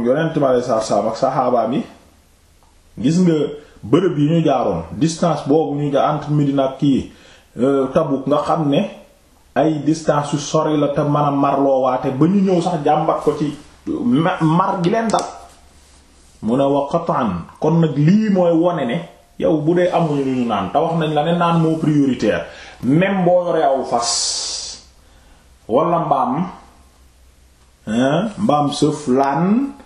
kon yonent mi aleyhi salaatu salaam ak saxaabaam yi gis nga bërëb yi ñu jaaroon distance boobu ñu jaar entre Médina ak kii euh, Tabuk nga xam ne ay distance yu sori la te mën a marloowaate ba ñu ñëw sax jàmbat ko ci mar gi leen dal mu ne wa qatan kon nag lii mooy wone ne yow bu dee amuñu lu ñu naan te wax nañ la ne naan moo prioritaire même boo yoree fas wala mbaam mbaam sëf laan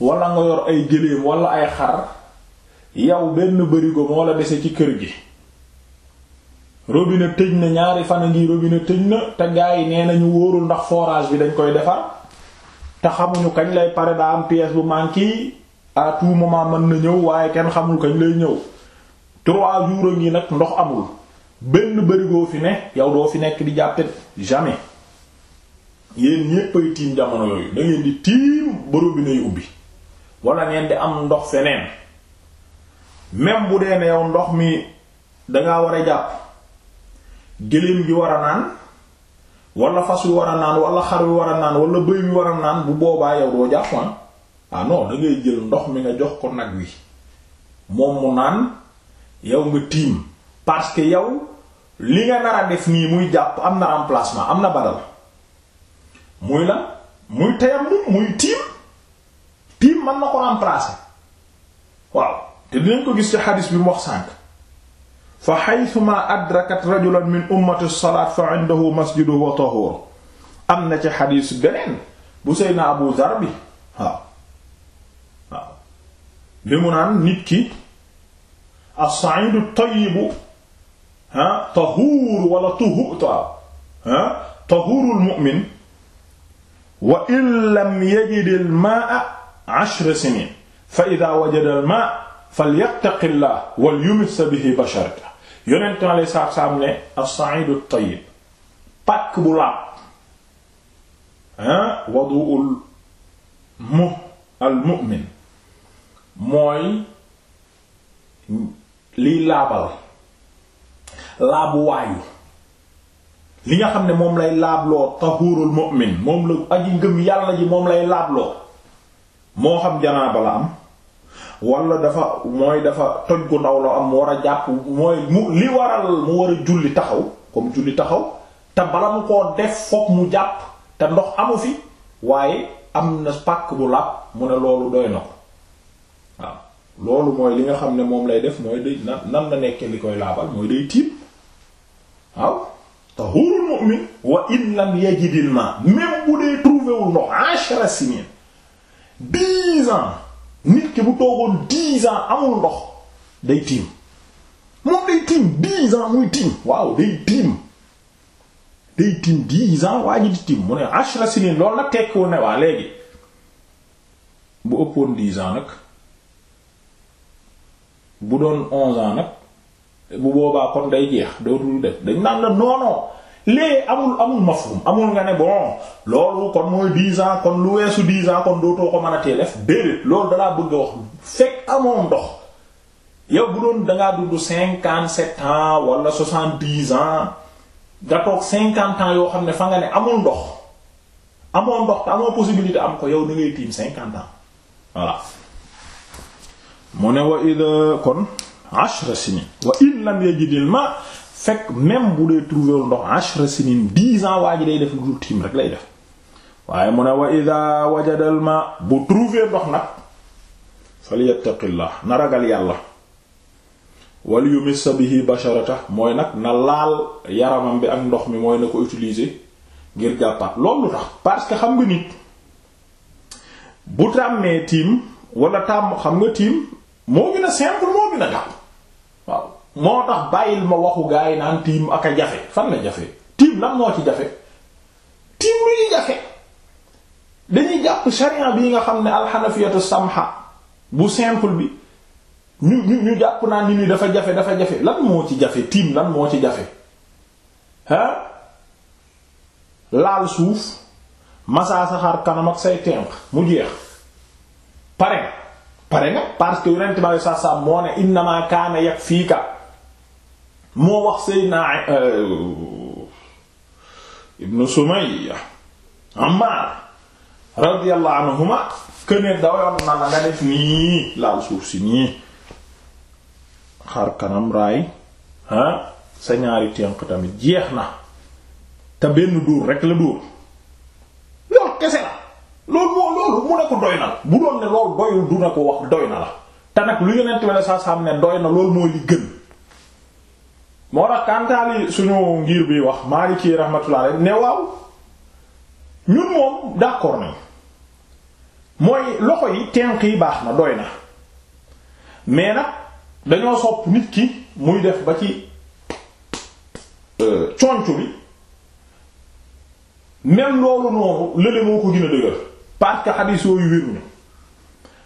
wala nga yor ay gëléem wala ay xar yow benn bërigo moo la dese ci kër gi robinet tëj na ñaari fan a ngi robinet tëj na te gaa yi nee nañu wóorul ndax forage bi dañ koy defar te xamuñu kañ lay pare daa am pièce bu manqué à tout moment mën na ñëw waaye kenn xamul kañ lay ñëw trois jours ngi nag ndox amul benn bërigo fi ne yow doo fi nekk di jàppet jamais yéen ñépp ay tiim jamono yooyu da di tiim ba robinet yu ubbi wala ngeen di am ndox feneen même bu dee ne yow ndox mi dangaa war a jàpp gëléem gi war a naan wala fas wi war a naan wala xar wi war a naan wala war naan bu boobaa yow doo jàpp ah. ah non da ngay jël ndox mi nga jox ko nag wi moom mu naan yow nga tiim parce que yow li nga nar a def nii muy jàpp am na remplacement am na badal muy la muy tayam muy tiim tiim mën na ko remplacer waaw te dinañ ko gis ci xadis bi mu wax sànq fa xaytuma adrakat rajulan min ummati salaat fa indahu masjidu wa tahuur am na ci xadis beneen bu seyna abu zar bi waaw waaw bi mu naan nit ki as-sa'idu tayyibu ha tahuur wala tuhu ha tahuurul mu'min wa in lam yajidil maa'a ashra sinin fa ida wajada al ma falyattaqi llah wal yumis bihi basharata yonent alei saatu salaam ne as-sa'idu tayyib pàkk bu laab wadu'ul mu al mu'min mooy liy laabal laabu waayu li nga xam ne moom lay laabloo tahuurul mu'min moom la aji ngëm yàlla ji moom lay laabloo moo xam janaaba la am wala dafa mooy dafa toj gu ndaw la am mu war a jàpp mooy mu li waral mu war a julli taxaw comme julli taxaw te bala mu koo def fokk mu jàpp te ndox amu fi waaye am na pàkk bu làpp mu ne loolu doy na ko waaw loolu mooy li nga xam ne moom lay def mooy day nan nan la nekkee li koy laabal mooy day tiim waaw tahurul mu'min wa in lam yajidil ma même bu dee trouvé wul ndox ashra sinin dix nit ki bu toogoon dix ans amul ndox day tiim moom day tiim dix ans muy tiim waaw day tiim day tiim dix ans di tiim mu ne ashra sinin loolu nag tekkiwu ne waa léegi bu ëppoon dix ans nag bu doon onze ans nag bu boobaa kon day jeex dootul def dañ naan la noonoo léegi amul amul ma mafhum amul nga ne bon loolu kon mooy dix ans kon lu weesu dix ans kon dootoo ko mën a tee def déedéet loolu dalaa bëgg a wax fekk amoon ndox yow bu doon dangaa dund cinquante sept ans wala soixante dix ans nga toog cinquante ans yoo xam ne fa nga ne amul ndox amoon ndox te amoo possibilité am ko yow da ngay tiim cinquante ans voilà mu ne wa id kon ashra sinin wa in lam yajidil ma fekk même bu dee trouvéwul ndox ashra sinin dix ans waa ji day def lu dul tiim rek lay def waaye mu ne wa ida wajadal ma bu trouvé ndox nag falyattaqillah na ragal yàlla wal yumissa bihi basharata mooy nag na laal yaramam bi ak ndox mi mooy na ko utiliser ngir jàppaat loolu tax parce que xam nga nit bu tàmmee tiim wala tàmm xam nga tiim moo gën a simple moo gën a gàpp moo tax bàyyil ma waxu gaa yi naan tiim ak a jafe fan la jafe tiim lan moo ci jafe tiim lu ñu jafe dañuy jàpp sharia nga xam ne alxanafiyatu samha bu simple bi ñu ñu ñu naa ni ni dafa jafe dafa jafe lan moo ci jafe tiim lan moo ci jafe ah laal suuf masaa saxaar kanam ak say tenq mu jeex pare pare nga parce que yonent ba sallallahu alayhi wasallam moo ne innamaa kaana yakfiika moo wax Seydina euh, Ibn Sumayya Ammaar radiyallahu anhuma kënee dawayoon na la def nii laal suuf si nii xar kanam raay ha sa ñaari tenq tamit jeex na te benn dóor rek la dóor loolu kese la loolu moo loolu mu ne ko doy na la bu doon ne loolu doyul du ne ko wax doy na la te nag lu yonent bi la saa saam ne doy na loolu mooy li gën moo tax kantaali suñu ngir bi wax Maliki rahmatullah alayhi ne waaw ñun moom d'accord nañ mooy loxo yi tenq yi baax na doy na mais nag dañoo sopp nit ki muy def ba ci euh, concu bi même loolu noonu lële moo ko gën a dëgër parce que yooyu wéruñu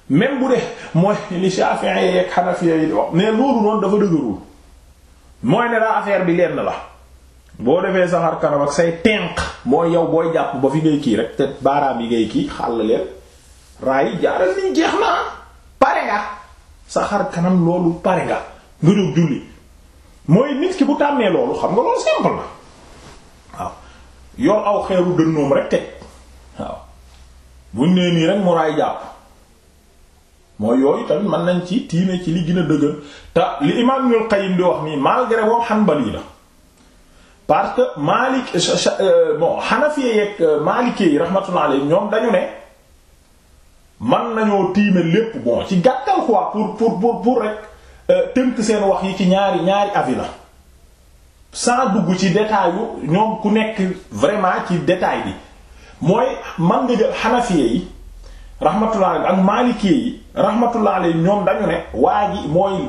même bu dee mooy li Shafi'i yeeg Hanafi yi wax mais loolu noonu dafa dëgërul mooy ne daa affaire bi lenn la boo defee saxar kanam ak say tenq mooy yow booy jàpp ba fi ngay kii rek te baaraam yi ngay kii xàll leen raay jaaral ni jeex na pare nga saxar kanam loolu pare nga nga jóg julli mooy nit ki bu tàmmee loolu xam nga loolu simple na waaw yor aw xeeru dënnoom rek teg waaw buñ nee nii rek mu raay jàpp mooy yooyu tamit mën nañ ci tiime ci li gën a dëgër te li imaam Ibnul Qayyim di wax nii malgré moom Hanbali la parce que Maalik euh, euh, bon Hanafi yeek euh, yi rahmatullah alayhi ñoom dañu ne man nañoo tiime lépp bon ci gàttal quoi pour pour pour pour rek tënk seen wax yi ci ñaari ñaari avis la sans dugg ci détail yu ñoom ku nekk vraiment ci détail bi mooy mën nga jël Hanafi yi rahmatullah alayhi ak maalikee yi rahmatullah ñoom dañu ne waa ji mooy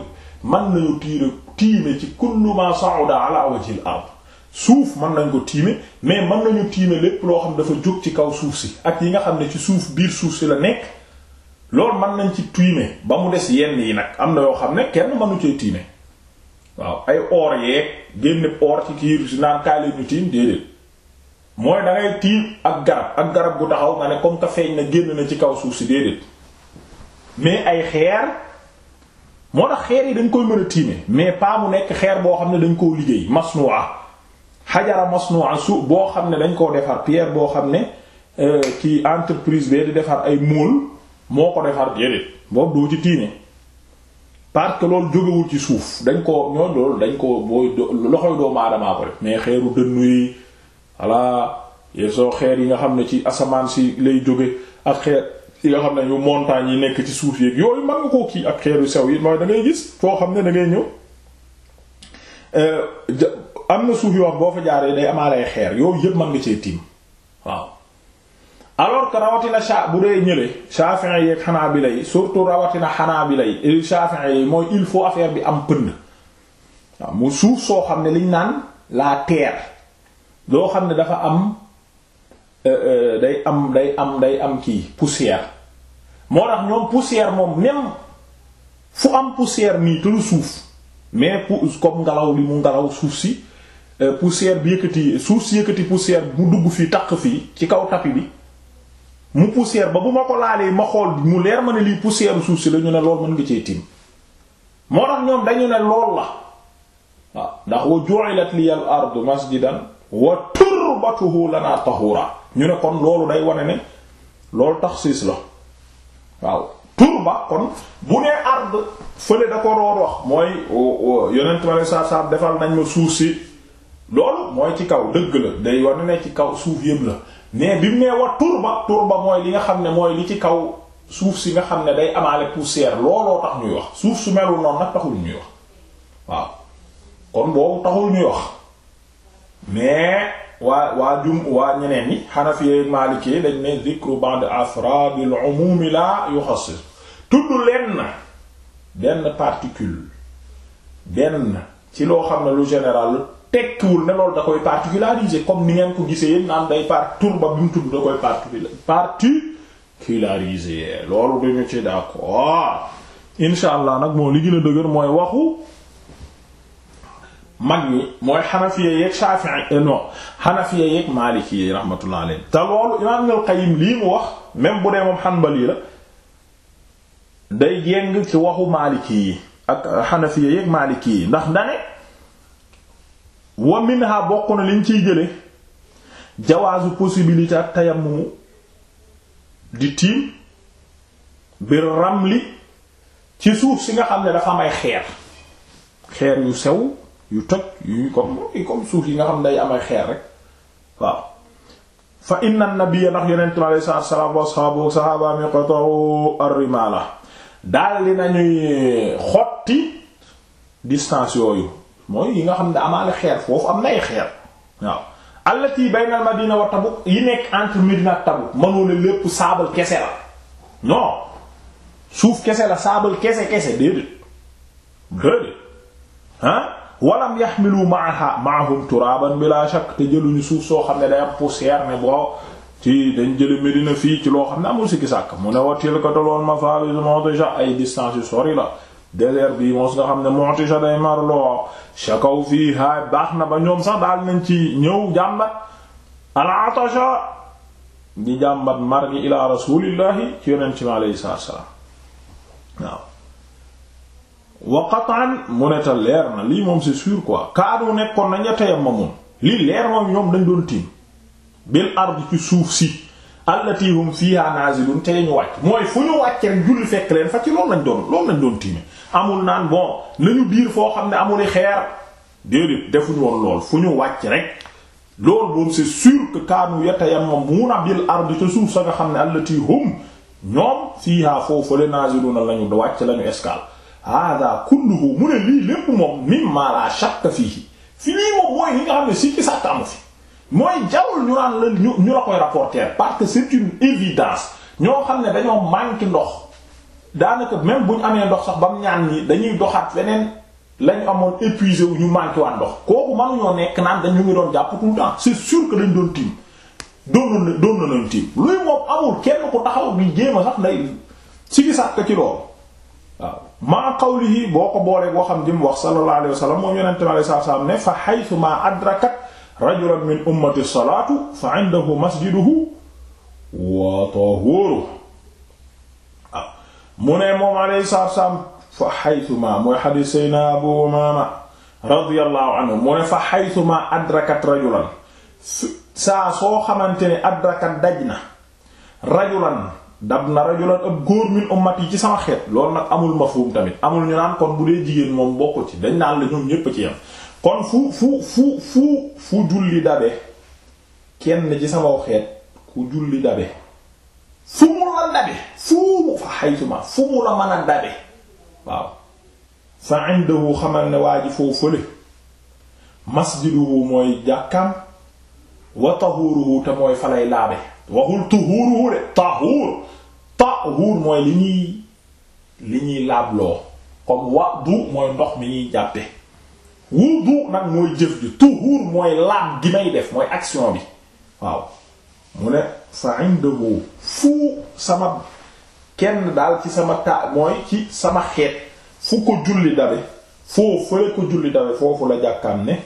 mën nañu tiire tiime ci kullu ma sa'uda ala wajhil ard suuf mën nañ ko tiime mais mën nañu tiime lépp loo xam dafa jóg ci kaw suuf si ak yi nga xam ne ci suuf biir suuf si la nekk loolu mën nañ ci tiime ba mu des yenn yi nag am na yoo xam ne kenn mënu cee tiime waaw ay or yeeg génne or ci kiir si naan ñu tiim déedéet mooy da ngay tiim ak garab ak garab gu taxaw nga ne comme que feeñ na génn na ci kaw suuf si déedéet mais ay xeer moo tax xeer yi dañ koy mën a tiime mais pas mu nekk xeer boo xam ne dañ koo liggéey masnua xajara masnua su boo xam ne dañ koo defar pierre boo xam ne ki euh, entreprise bee di defar ay mool moo ko defar déedéet boobu doo ci tiime parce que loolu jógewul ci suuf dañ ko ñoo loolu dañ ko booy loxoy doomu aadamaa ko def mais xeeru dënnu voilà yesoo xeer yi nga xam ne ci asamaan si lay jóge ak xeer yi nga xam ne yu montagnes yi nekk ci suuf yeeg yooyu mën nga koo kii ak xeer yu sew yi mooy dangay gis foo xam ne da ngay ñëw eh, am na suuf yoo xam boo fa jaaree day amaale ay xeer yooyu yëpp nga cee tiim waaw alors que rawatina sha bu dee ñële Shafi'i yeeg Hanabila yi surtout rawatina Hanabila yi eh, Shafi'i yi mooy il faut affaire bi am pënd waaw mu suuf soo xam ne liñ naan la terre. loo xam ne dafa am euh, euh, day am day am day am kii poussière moo tax ñoom poussière moom même fu am poussière nii tëlu suuf mais comme ngelaw li mu ngelaw suuf si euh, poussière bi yëkkati suuf si yëkkati poussière mu dugg fii taq fii ci kaw tapi bi mu poussière ba bu ma ko laalee ma xool mu leer ma ne lii poussière suuf si la ñu ne lool mën nga cee tiim moo tax ñoom dañu ne lool la waaw ndax wa ju'ilat liyal ardu masjidan wa turbatuhu lana tahura ñu ne kon day wane ne loolu taxsiis la waaw turba kon bu nee ard fële da ko roor wax mooy yeneen ma lay saab defal nañ ma suuf si loolu mooy ci kaw dëgg la day wane ne ci kaw suuf yëpp la mais bi mu nee wa turba turba mooy li nga xam ne mooy li ci kaw suuf si nga xam ne day amaale poussière looloo tax ñuy wax suuf su melul noonu nag taxul ñuy wax waaw kon boobu taxul ñuy wax mais waa waa jum waa ñeneen ñi xanafiye maalikee dañ ne zikru ba'd afraadil umumi la yuxassis tudd lenn benn particule benn ci loo xam ne lu général tekkiwul ne loolu da koy particulariser comme ni ngeen ko gisee yéen naan day par turba bi mu tudd da koy particulariser loolu duñu ci d'accord insha allah nag moo li gën dëgër mooy waxu mag ñi mooy xanafiya yeeg shafi'i eh, non xanafiya yeeg maliki te loolu imaam Ibnul Qayyim lii mu wax même bu dee moom xanbali la day jéng ci waxu maliki yi ak xanafiya yeeg maliki yi ndax dane wa minha bokk na liñ ciy jële jawaazu possibilité ak tayammum di tiim bir ramli ci suuf si nga xam ne dafa may xeer xeer yu sew yu toj yu comme comme suuf yi nga xam ne day amay xeer rek waaw fa inna nabiyya ndax yonent mi alayhi salaam wa ashaabu sahaaba mi qata'u ar-rimaala daal li nañuy yooyu mooy yi nga xam ne amaale xeer foofu am nay xeer waaw allati bayna al-madina wa yi nekk entre Medina ak Tabuk mënoo ne lépp saabal kese la non suuf kese la saabal kese kese déedéet déedéet ah walam yaxmilu maaha maahum turaban bila shakk te jëluñu suuf soo xam ne day am poussière ne boo ci dañ jële Medina fii ci loo xam ne amul sikki sàkk mu ne watil ka taloon mafaris Mu'tasha ay distance yu sori la désert bi mos nga xam ne Mu'tasha day marloo shakaw fii ha baax na ba ñoom sax daal nañ ci ñëw jàmbat al-atasha di jàmbat mar gi ila rasulillahi ci yonent ci mi alayhi salaam waaw wa qatan mu ne leer na lii moom si sûr quoi kaanu nekkoon nañ ateyam ma lii leer moom ñoom dañ doon tiim bil ard ci suuf si allati hum fiha nazilun te ñu wàcc mooy fu ñu wàcc rek julli fekk leen fa ci loolu lañ doon loolu lañ doon tiime amul naan bon nañu biir foo xam ne amul xeer déedéet defuñu woon lool fu ñu wàcc rek loolu moom c'est sûr que kaanu yatayammamuuna bil ard ca suuf sa nga xam ne allati hum ñoom fiha foofu le naziluna lañu wàcc lañu escale hada kulluhu mu ne lii lépp moom mimma la shakka fiihi fi lii moom mooy li nga xam ne si ci amu fi mooy jarul ñu naan la ñu ñu la koy rapporter parce que c'est une évidence ñoo xam ne dañoo manqué ndox daanaka même bu ñu amee ndox sax ba mu ñaan ñi dañuy doxaat feneen lañu amoon épuisé wu ñu manqué waan ndox kooku mënuñoo nekk naan dañu ngi doon jàpp tout le temps c'est sûr que dañ doon tiim doon na doon na leen tiim luy moom amul kenn ku taxaw sax nday maa qawlihi boo ko boolee boo xam jëm wax sallallahu alayhi wa sallam moom yonente mi alayhi salaam ne fa haythu ma adrakat rajulan min ummati salaatu fa indahu masjiduhu wa tahuuru waaw mu ne moom alayhi salaam fa haythu ma mooy hadiis sayna Abu Umaama radiyallahu anhu mu ne fa haythu ma adrakat rajulan saa soo xamante ne adrakat daj na rajulan dab na rajulan ab góor min ummat yi ci sama xeet loolu nag amul mafhum tamit amul ñu naan kon bu dee jigéen moom bokk ci dañ naan la ñoom ñépp ci yam kon fu fu fu fu fu julli dabe kenn ci sama xeet ku julli dabe fu mu la dabe fu fa xaytuma fu mu la mën a dabe waaw fa indahu xamal ne waa ji foofu fële masjiduhu mooy jàkkaam wa tahuuruhu te mooy falay laabe waxul tuhuuruhu de tahuur tahuur mooy li ñuy li ñuy laabloo comme wa du mooy ndox mi ñuy jàppe wudu nag mooy jëf ji tuhuur mooy laab gi may def mooy action bi waaw mu ne fa indahu fu sama kenn daal ci sama ta mooy ci sama xeet fu ko julli dabe foofu la jàkkaam ne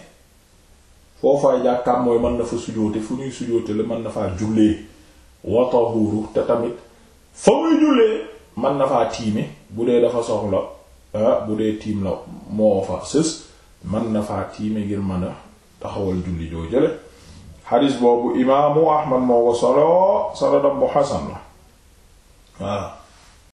foofaay jàkkaam mooy mën na fa sujoote fu ñuy sujoote la mën na faa jullee wa tahuuru te tamit fa muy jullee man na faa tiime bu dee dafa soxla ah, bu dee tiim la moo fa sës man na faa tiime ngir mën a taxawal julli joo jële xadis boobu imaamu ahmad moo ko solo sanadam bu xasan la waaw